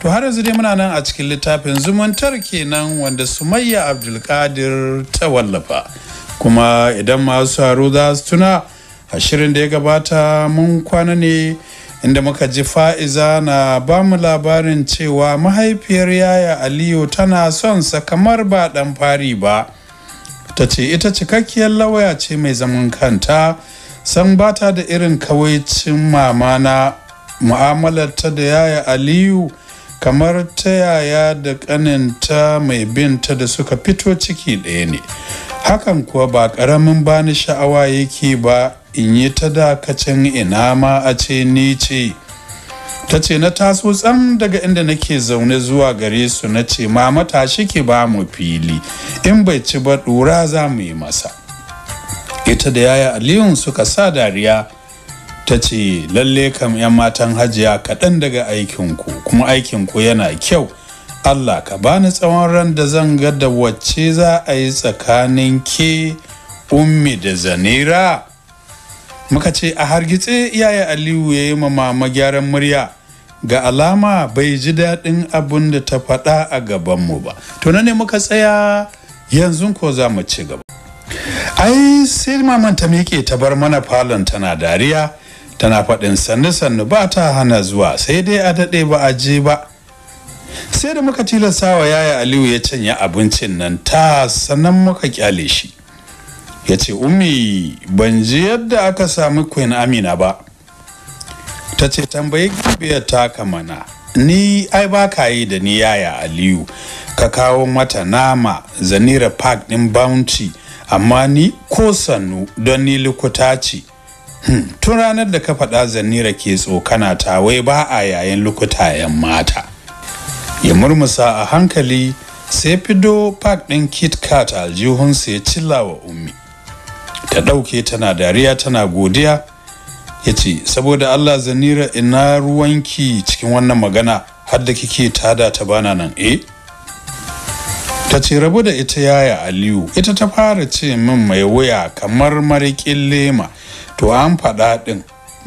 to har yanzu dai muna nan a cikin littafin zumuntar kenan wanda sumayya abdulkadir ta wallafa kuma idan masu haro za su tuna ashirin da ya gabata mun kwana ne inda muka ji fa'iza na ba mu labarin cewa mahaifiyar yaya aliyu tana son sa kamar ba ɗan fari ba ta ce ita cikakkiyar lawaya ce mai zaman kanta san bata da irin kawaicin mamana ta da yaya aliyu kamar ta yaya da ƙaninta mai binta da suka fito ciki ɗaya ne hakan kuwa ba ƙaramin bani sha'awa yake ba in yi ta dakacin ina ma a ce ni ce ta ce na taso tsam daga inda nake zaune zuwa gare su na ce mama shi ke ba mu fili in bai ci ba ɗura za mu yi masa ita da yaya aliyun suka sa dariya ta ce lalle kam 'yan matan hajiya kaɗan daga aikinku kuma aikinku yana kyau allah ka bani tsawon ran da zan ga da wacce za a yi tsakanin ke ummi da zanira muka ce a hargitse iyaye aliyu ya yi mama gyaran murya ga alama bai ji daɗin abin da ta faɗa a gabanmu ba to na ne muka tsaya yanzu ko za mu ci gaba ai sai maman ta miƙe ta bar mana falon tana dariya tana faɗin sannu sannu ba ta hana zuwa sai dai a daɗe ba a je ba sai da muka tilasta wa yaya aliyu ya canya abincin nan ta sannan muka kyale shi ya ce umi ban ji yadda aka sami queen amina ba ta ce tambayi gabiyar taka mana ni ai ba ka yi da ni yaya aliyu ka kawo mata nama zanira park din bounty amma ni ko sannu don ni likuta ce tun ranar da ka faɗa zannira ke tsokana ta wai ba a yayin yan mata ya murmusa a hankali sai fido park ɗin kit kat aljihunsa ya cilla wa ummi ta ɗauke tana dariya tana godiya ya ce saboda allah zanira ina ruwanki cikin wannan magana har da kike tada ta bana nan E? ta ce rabu da ita yaya aliyu ita ta fara ce min mai wuya kamar marikin lema to an faɗa ɗin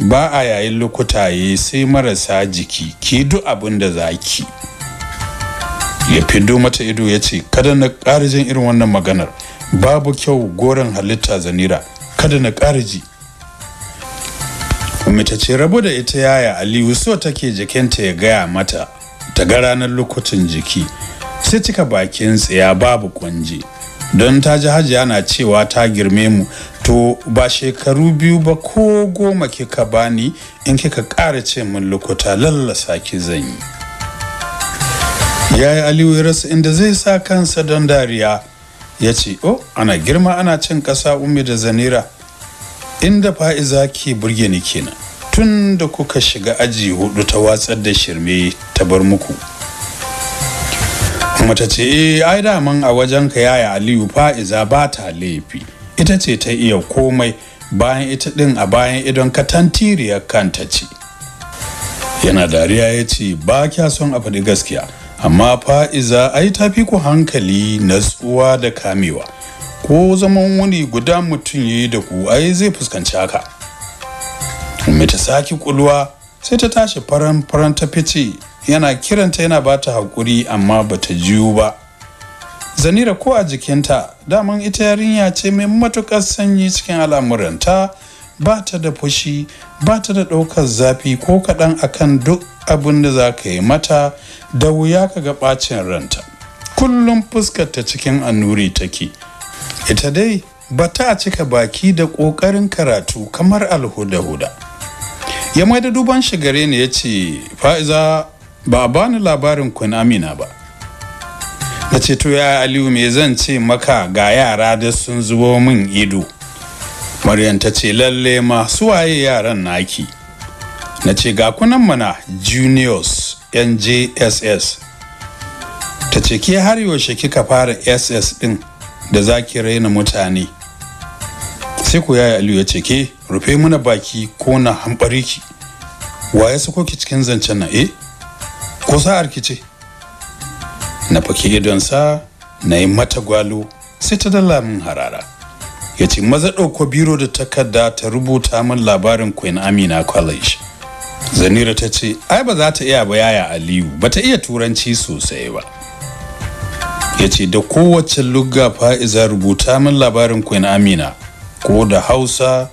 ba a yayin yi sai marasa jiki ki duk abin da za ki ya fido mata ido ya ce kada na ƙarjin irin wannan maganar babu kyau goron halitta zanira kada na ƙarji kuma ta ce rabo da ita yaya aliyu so take jikinta ya gaya mata ta ga ranar lokutan jiki sai cika bakin tsaya babu kwanje don ta ji hajiya na cewa ta girme mu to ba shekaru biyu ba ko goma kika bani in kika ƙara ce min lokuta lallasa ki zan yi ya yi aliyu ya rasa inda zai sa kansa don dariya ya ce oh ana girma ana cin ƙasa umi da zanira inda fa'iza ke burge ni kenan tun da kuka shiga aji hudu ta watsar da shirme ta bar muku mata ce eh, ai daman a wajenka yaya aliyu fa'iza ba ta laifi ita ce ta iya komai bayan ita ɗin a bayan idon katantiriyar kanta ce yana dariya ya ce ba kya son a faɗi gaskiya amma fa'iza a yi tafi ku hankali natsuwa da kamewa ko zaman wani guda mutum ya yi da ku ai zai fuskanci haka mai ta saki kulwa sai ta tashi faran faran ta fice yana kiranta yana ba ta haƙuri amma ba ta jiyo ba zanira ko a jikinta daman ita yarinya ce mai matukar sanyi cikin al'amuranta ba ta da fushi ba ta da ɗaukar zafi ko kaɗan akan duk abin da za ka yi mata da wuya ka ga ɓacin ranta kullum fuskar cikin annuri take ita dai ba ta cika baki da ƙoƙarin karatu kamar alhuda-huda ya mai da duban shi ne ya ce fa'iza ba a bani labarin kun amina ba na ce to ya aliyu me zan ce maka ga yara da sun zubo min ido maryam ta ce lalle ma su waye yaran naki na ce ga kunan mana juniors njss ta ce ke har yaushe kika fara ss din da za ki raina mutane sai ku yaya aliyu ya ce ke rufe mana baki ko na hambari ki Waye cikin zancen na eh ko sa'ar ki ce na idon sa na yi mata gwalo sai ta dala min harara yace maza ɗauko biro da takarda ta rubuta min labarin queen amina college zanira ta ce ai ba za ta iya ba yaya aliyu ba ta iya turanci sosai ba yace da kowace lugga fa'iza rubuta min labarin queen amina ko da hausa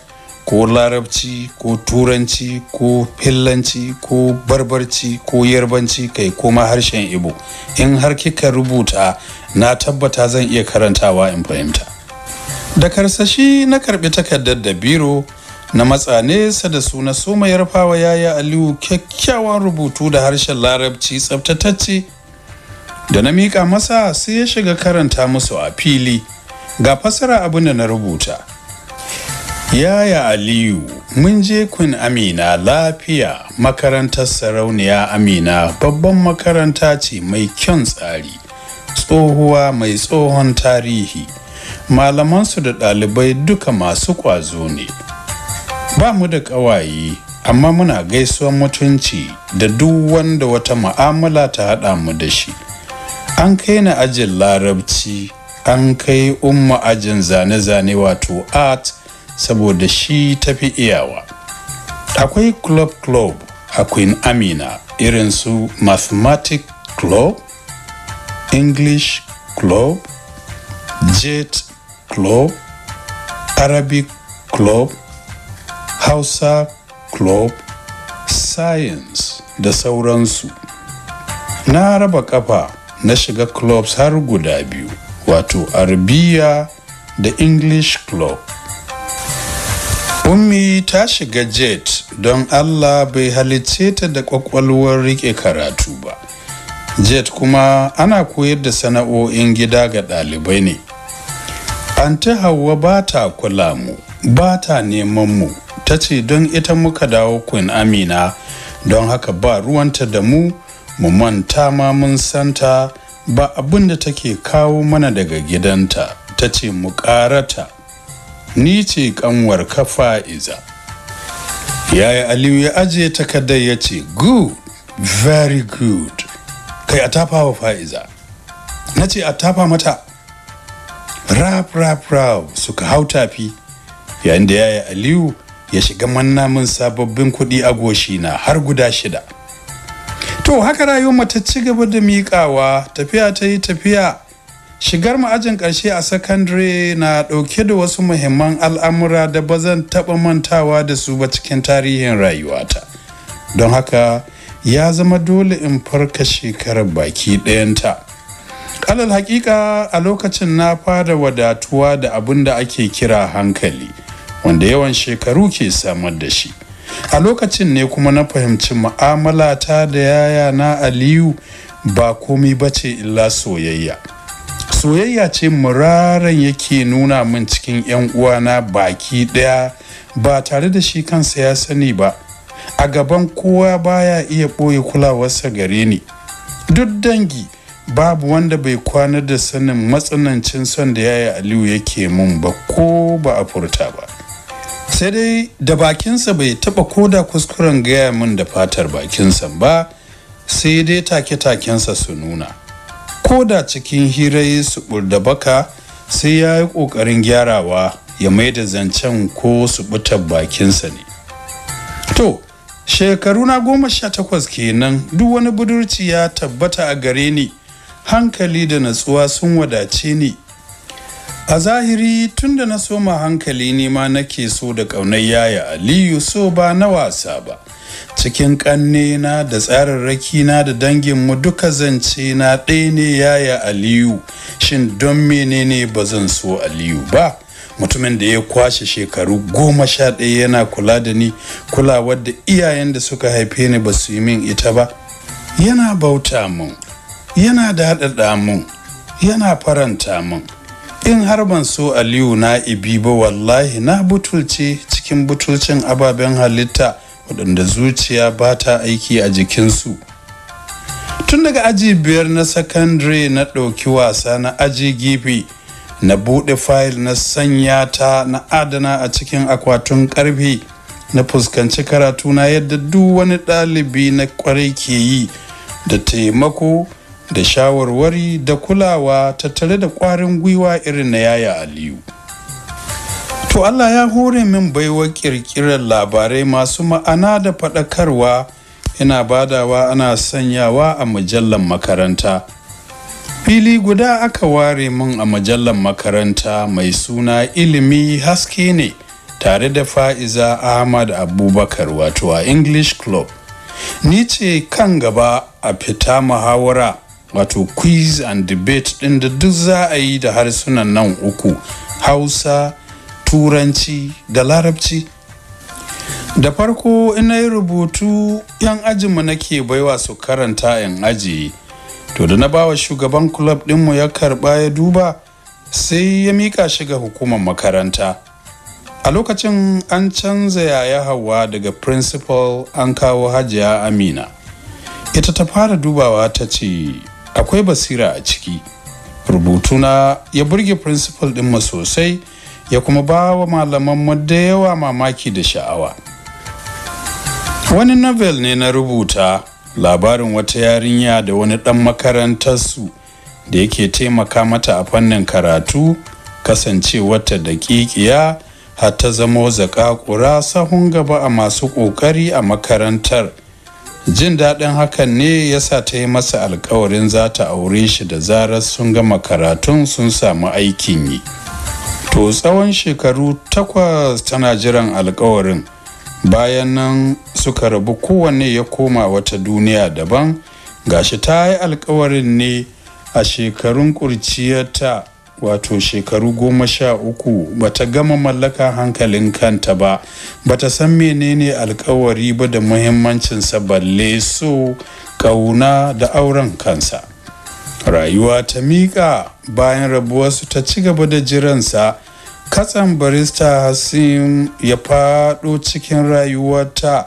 ko larabci ko turanci ko fillanci ko barbarci ko yarbanci kai kuma harshen ibo in har kika rubuta na tabbata zan iya karantawa in fahimta da karsashi na karbi takardar da biro na matsa nesa da suna na sumayar yaya aliyu kyakkyawan rubutu da harshen larabci tsabtatacce da na miƙa masa sai ya shiga karanta musu a fili ga fasara abin da na rubuta Yaya Aliyu, mun je kun Amina lafiya makarantar sarauniya Amina babban makaranta ce mai kyan tsari, tsohuwa mai tsohon tarihi, malamansu da ɗalibai duka masu ƙwazo ne. Ba mu da ƙawaye, amma muna gaisuwan mutunci da duk wanda wata ma'amala ta haɗa mu da shi. An kai na ajin larabci, an kai umma ajin zane-zane wato art saboda shi tafi iyawa akwai club club a queen amina irin su mathematic club english club jet club arabic club hausa club science da sauransu na raba kafa na shiga clubs har guda biyu wato arabiya da english club Ummi ta shiga jet don Allah bai halicce ta da kwakwalwar rike karatu ba. Jet kuma ana koyar da sana'o'in gida ga ɗalibai ne. An ta hawa ba ta kula mu, ba ta neman mu, ta ce don ita muka dawo Queen Amina don haka ba ruwanta da mu, mu manta ma mun santa ba abin da take kawo mana daga gidanta, ta ce mu ƙarata. ni ce kanwar ka fa'iza yaya aliyu ya ajiye takardar ya ce good very good kai a tafa wa fa'iza na ce a tafa mata rap rap rap suka hau tafi yayin da yaya aliyu ya shiga mannamin sababbin kuɗi a na har guda shida to haka rayuwar mata ci gaba da miƙawa tafiya ta yi tafiya shigar ma'ajin ƙarshe a sakandare na ɗauke da wasu muhimman al'amura da ba zan taɓa mantawa da su ba cikin tarihin rayuwata don haka ya zama dole in farka shekarar baki ɗayanta alal haƙiƙa, a lokacin na fara wadatuwa da abin da ake kira hankali wanda yawan shekaru ke samar da shi a lokacin ne kuma na fahimci mu'amala ta da yaya na aliyu ba komi bace illa soyayya soyayya ce muraran yake nuna min cikin 'yan uwana baki ɗaya ba tare da shi kansa ya sani ba a gaban kowa baya iya ɓoye kulawarsa gare ni duk dangi babu wanda bai kwana da sanin matsanancin son da yaya aliyu yake mun ba ko ba a furta ba sai dai da bakinsa bai taba koda kuskuren gaya min da fatar bakinsa ba sai dai take-takensa su nuna ko da cikin hira yesu da baka sai ya yi ƙoƙarin gyarawa ya mai da zancen ko su butar bakinsa ne to shekaru na goma sha takwas kenan duk wani budurci ya tabbata a gare ni hankali da natsuwa sun wadace ni a zahiri tun da na soma hankali ne ma nake so da ƙaunar yaya aliyu so ba na wasa ba cikin na da na da danginmu duka zance na ɗaya ne yaya aliyu shin don menene ba zan so aliyu ba mutumin da ya kwashe shekaru goma sha ɗaya yana kula da ni Kula wadda iyayen da suka haife ni ba su yi min ita ba yana bauta mun yana daɗaɗa mun yana faranta mun in har ban so aliyu na ibi ba wallahi na butulce cikin butulcin ababen halitta waɗanda zuciya ba ta aiki a jikinsu tun daga aji biyar na sakandare na ɗauki wasa na aji gefe na buɗe fayil na sanya ta na adana a cikin akwatin ƙarfe na fuskanci karatu na yadda duk wani ɗalibi na ƙwarai ke yi da taimako da shawarwari da kulawa tattare da ƙwarin gwiwa irin na yaya aliyu To Allah ya hore min baiwa ƙirƙirar labarai masu ma'ana da faɗakarwa ina badawa ana sanyawa a mujallar makaranta. Fili guda aka ware min a mujallar makaranta mai suna ilimi haske ne tare da fa'iza Ahmad Abubakar wato a English Club. Ni ce kan gaba a fita muhawara wato quiz and debate ɗin da duk za a yi da harsunan nan uku Hausa, turanci da larabci da farko ina yi rubutu 'yan ajinmu na ke baiwa su karanta 'yan aji to da na bawa shugaban club dinmu ya karba ya duba sai ya mika shi ga hukumar makaranta a lokacin an canza yaya hawa daga principal an kawo hajiya amina ita ta fara dubawa ta ce akwai basira a ciki rubutuna ya burge principal dinmu sosai ya kuma ba wa malamanmu da yawa mamaki da sha'awa wani novel ne na rubuta labarin wata yarinya da wani ɗan makarantarsu da yake taimaka mata a fannin karatu kasancewarta da ƙiƙiya har ta zamo zakakura sahun gaba a masu ƙoƙari a makarantar jin daɗin hakan ne ya sa ta yi masa alkawarin za ta aure shi da zarar sun gama karatun sun samu aikin yi to tsawon shekaru takwas tana jiran alkawarin bayan nan suka rabu kowanne ya koma wata duniya daban gashi ta yi alkawarin ne a shekarun ƙurciyarta wato shekaru goma sha uku bata gama mallaka hankalin kanta ba bata san menene alkawari ba da muhimmancinsa balle so kauna da auren kansa rayuwa ta miƙa bayan rabuwarsu ta ci gaba da jiransa katsan barista hasim ya faɗo cikin rayuwarta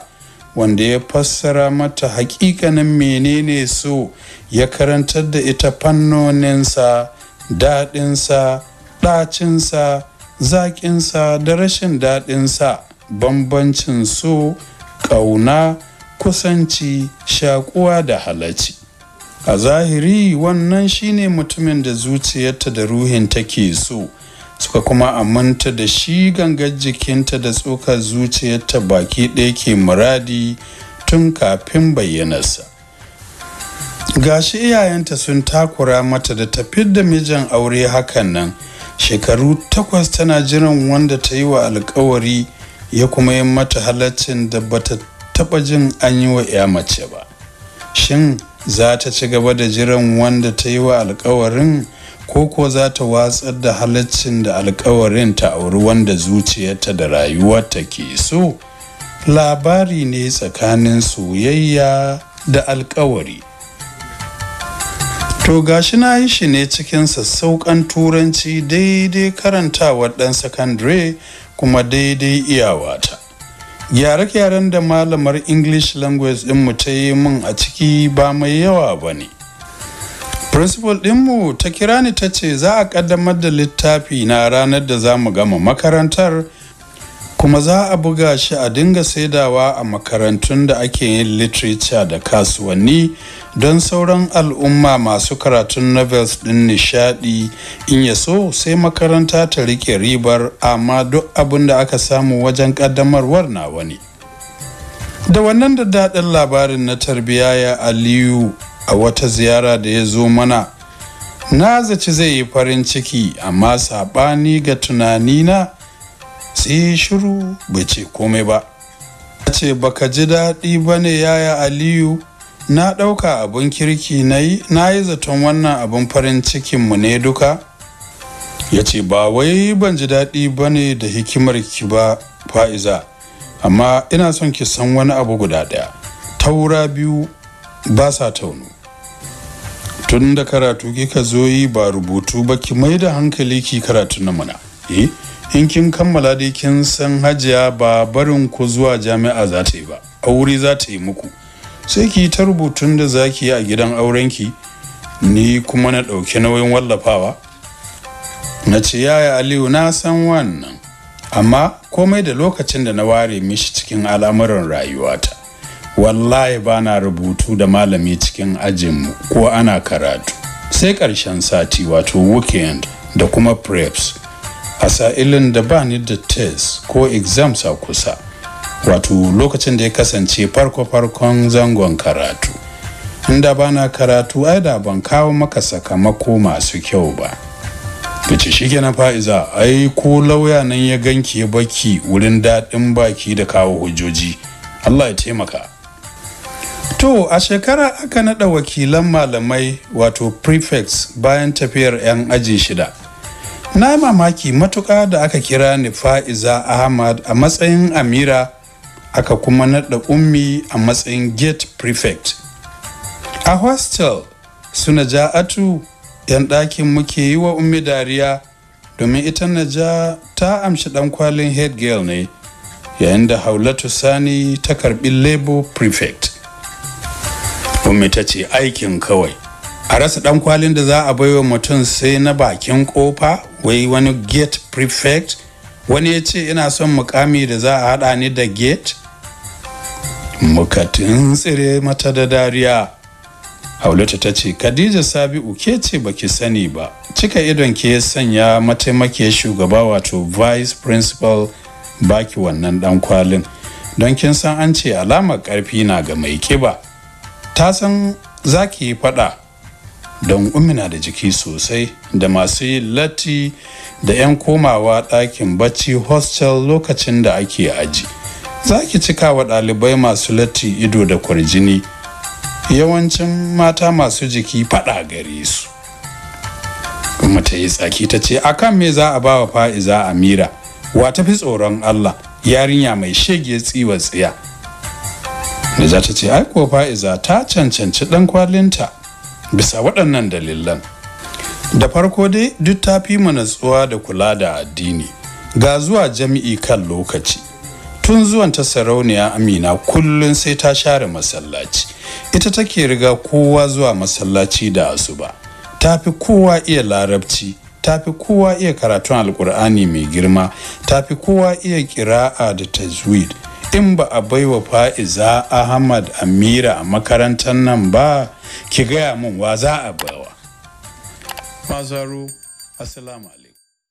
wanda ya fassara mata hakikanin menene so ya karantar da ita fannoninsa daɗinsa ɗacinsa zaƙinsa da rashin daɗinsa bambancin so ƙauna kusanci shakuwa da halacci a zahiri wannan shine mutumin da zuciyarta da ruhin take so suka kuma aminta da shi gangar jikinta da tsokar zuciyarta baki ɗaya ke muradi tun kafin bayyanarsa gashi iyayenta sun takura mata da tafiyar da mijin aure hakan nan shekaru takwas tana jiran wanda ta yi wa alkawari ya kuma yi mata halaccin da bata taba jin an yi wa 'ya mace ba shin za ta ci gaba da jiran wanda ta yi wa alkawarin ko ko za ta watsar da halaccin da alkawarin ta auri wanda zuciyarta da rayuwarta ke so labari ne tsakanin soyayya da alkawari to gashi na yi shi ne cikin sassauƙan turanci daidai karantawar ɗan sakandare kuma daidai iyawata yare-yaren da malamar english language ɗinmu ta yi min a ciki ba mai yawa ba ne principal dinmu ta kira ni ta ce za a kaddamar da littafi na ranar da za mu gama makarantar kuma za a buga shi a dinga saidawa a makarantun da ake yin literature da kasuwanni don sauran al'umma masu karatun novels din nishadi in ya so sai makaranta ta rike ribar amma duk abin da aka samu wajen kaddamarwar na wani da wannan da daɗin labarin na tarbiya ya aliyu a wata ziyara da ya zo mana na zaci zai yi farin ciki amma saɓani ga tunanina sai shiru bai ce komai ba ce baka ji daɗi ba ne yaya aliyu na ɗauka abin kirki na yi na yi zaton wannan abin farin cikinmu ne duka ya ce ba wai ban ji daɗi ba ne da hikimar ki ba fa'iza amma ina son ki san wani abu guda ɗaya taura biyu ba sa taunu tun da karatu kika zo yi ba rubutu ba ki mai da hankali ki karatu na muna eh in kin kammala dai kin san hajiya ba barin ku zuwa jami'a za ta yi ba aure za ta yi muku sai ki ta rubutun da za ki yi a gidan aurenki ni kuma na ɗauki nauyin wallafawa na ce yaya aliyu na san wannan amma komai da lokacin da na ware mishi cikin al'amuran rayuwata wallahi ba na rubutu da malami cikin ajinmu ko ana karatu sai ƙarshen sati wato weekend da kuma preps a sa'ilin da ba ni da test ko exams a kusa wato lokacin da ya kasance farko-farkon zangon karatu inda ba na karatu ai da ban kawo maka sakamako masu kyau ba Bace shi na fa'iza ai ko lauya nan ya ganki ya baki wurin daɗin baki da kawo hujjoji allah ya taimaka to a shekara aka naɗa wakilan malamai wato prefects bayan tafiyar 'yan aji shida na yi mamaki matuƙa da aka kira ni fa'iza ahmad a matsayin amira aka kuma naɗa ummi a matsayin gate prefect a hostel suna Najaatu, 'yan ɗakin muke yi wa ummi dariya domin ita naja ta amshi ɗan kwalin head girl ne yayin da haulatu sani ta karɓi labor prefect ummi ta ce aikin kawai a rasa dan kwalin da za a baiwa mutum sai na bakin kofa wai wani gate prefect wani ya ce ina son mukami da za a hada ni da gate muka tsire mata da dariya haulata ta ce khadija sabi'u ke ce baki sani ba cika idon ke sanya mataimakiyar shugaba wato vice principal baki wannan dan kwalin don kin san an ce alamar karfi na ga mai kiba ta san za ki yi fada don umina da jiki sosai da masu yin latti da 'yan komawa ɗakin bacci hostel lokacin da ake aji za ki cika wa ɗalibai masu latti ido da kwarjini yawancin mata masu jiki faɗa gare su kuma ta yi tsaki ta ce akan me za a ba wa fa'iza amira wa tafi tsoron allah yarinya mai shege tsiwa tsiya da za ta ce aiko fa'iza ta cancanci ɗan kwalinta bisa waɗannan dalilan da farko dai duk ta fi mu natsuwa da kula da addini ga zuwa jami'i kan lokaci tun zuwan ta sarauniya amina kullum sai ta share masallaci ita take riga kowa zuwa masallaci da asuba ta fi kowa iya larabci ta fi kowa iya karatun alkur'ani mai girma ta fi kowa iya kira'a da tajwid in ba a baiwa fa'iza ahmad amira a makarantar nan ba ki gaya min wa za a bawa mazaro assalamu alaikum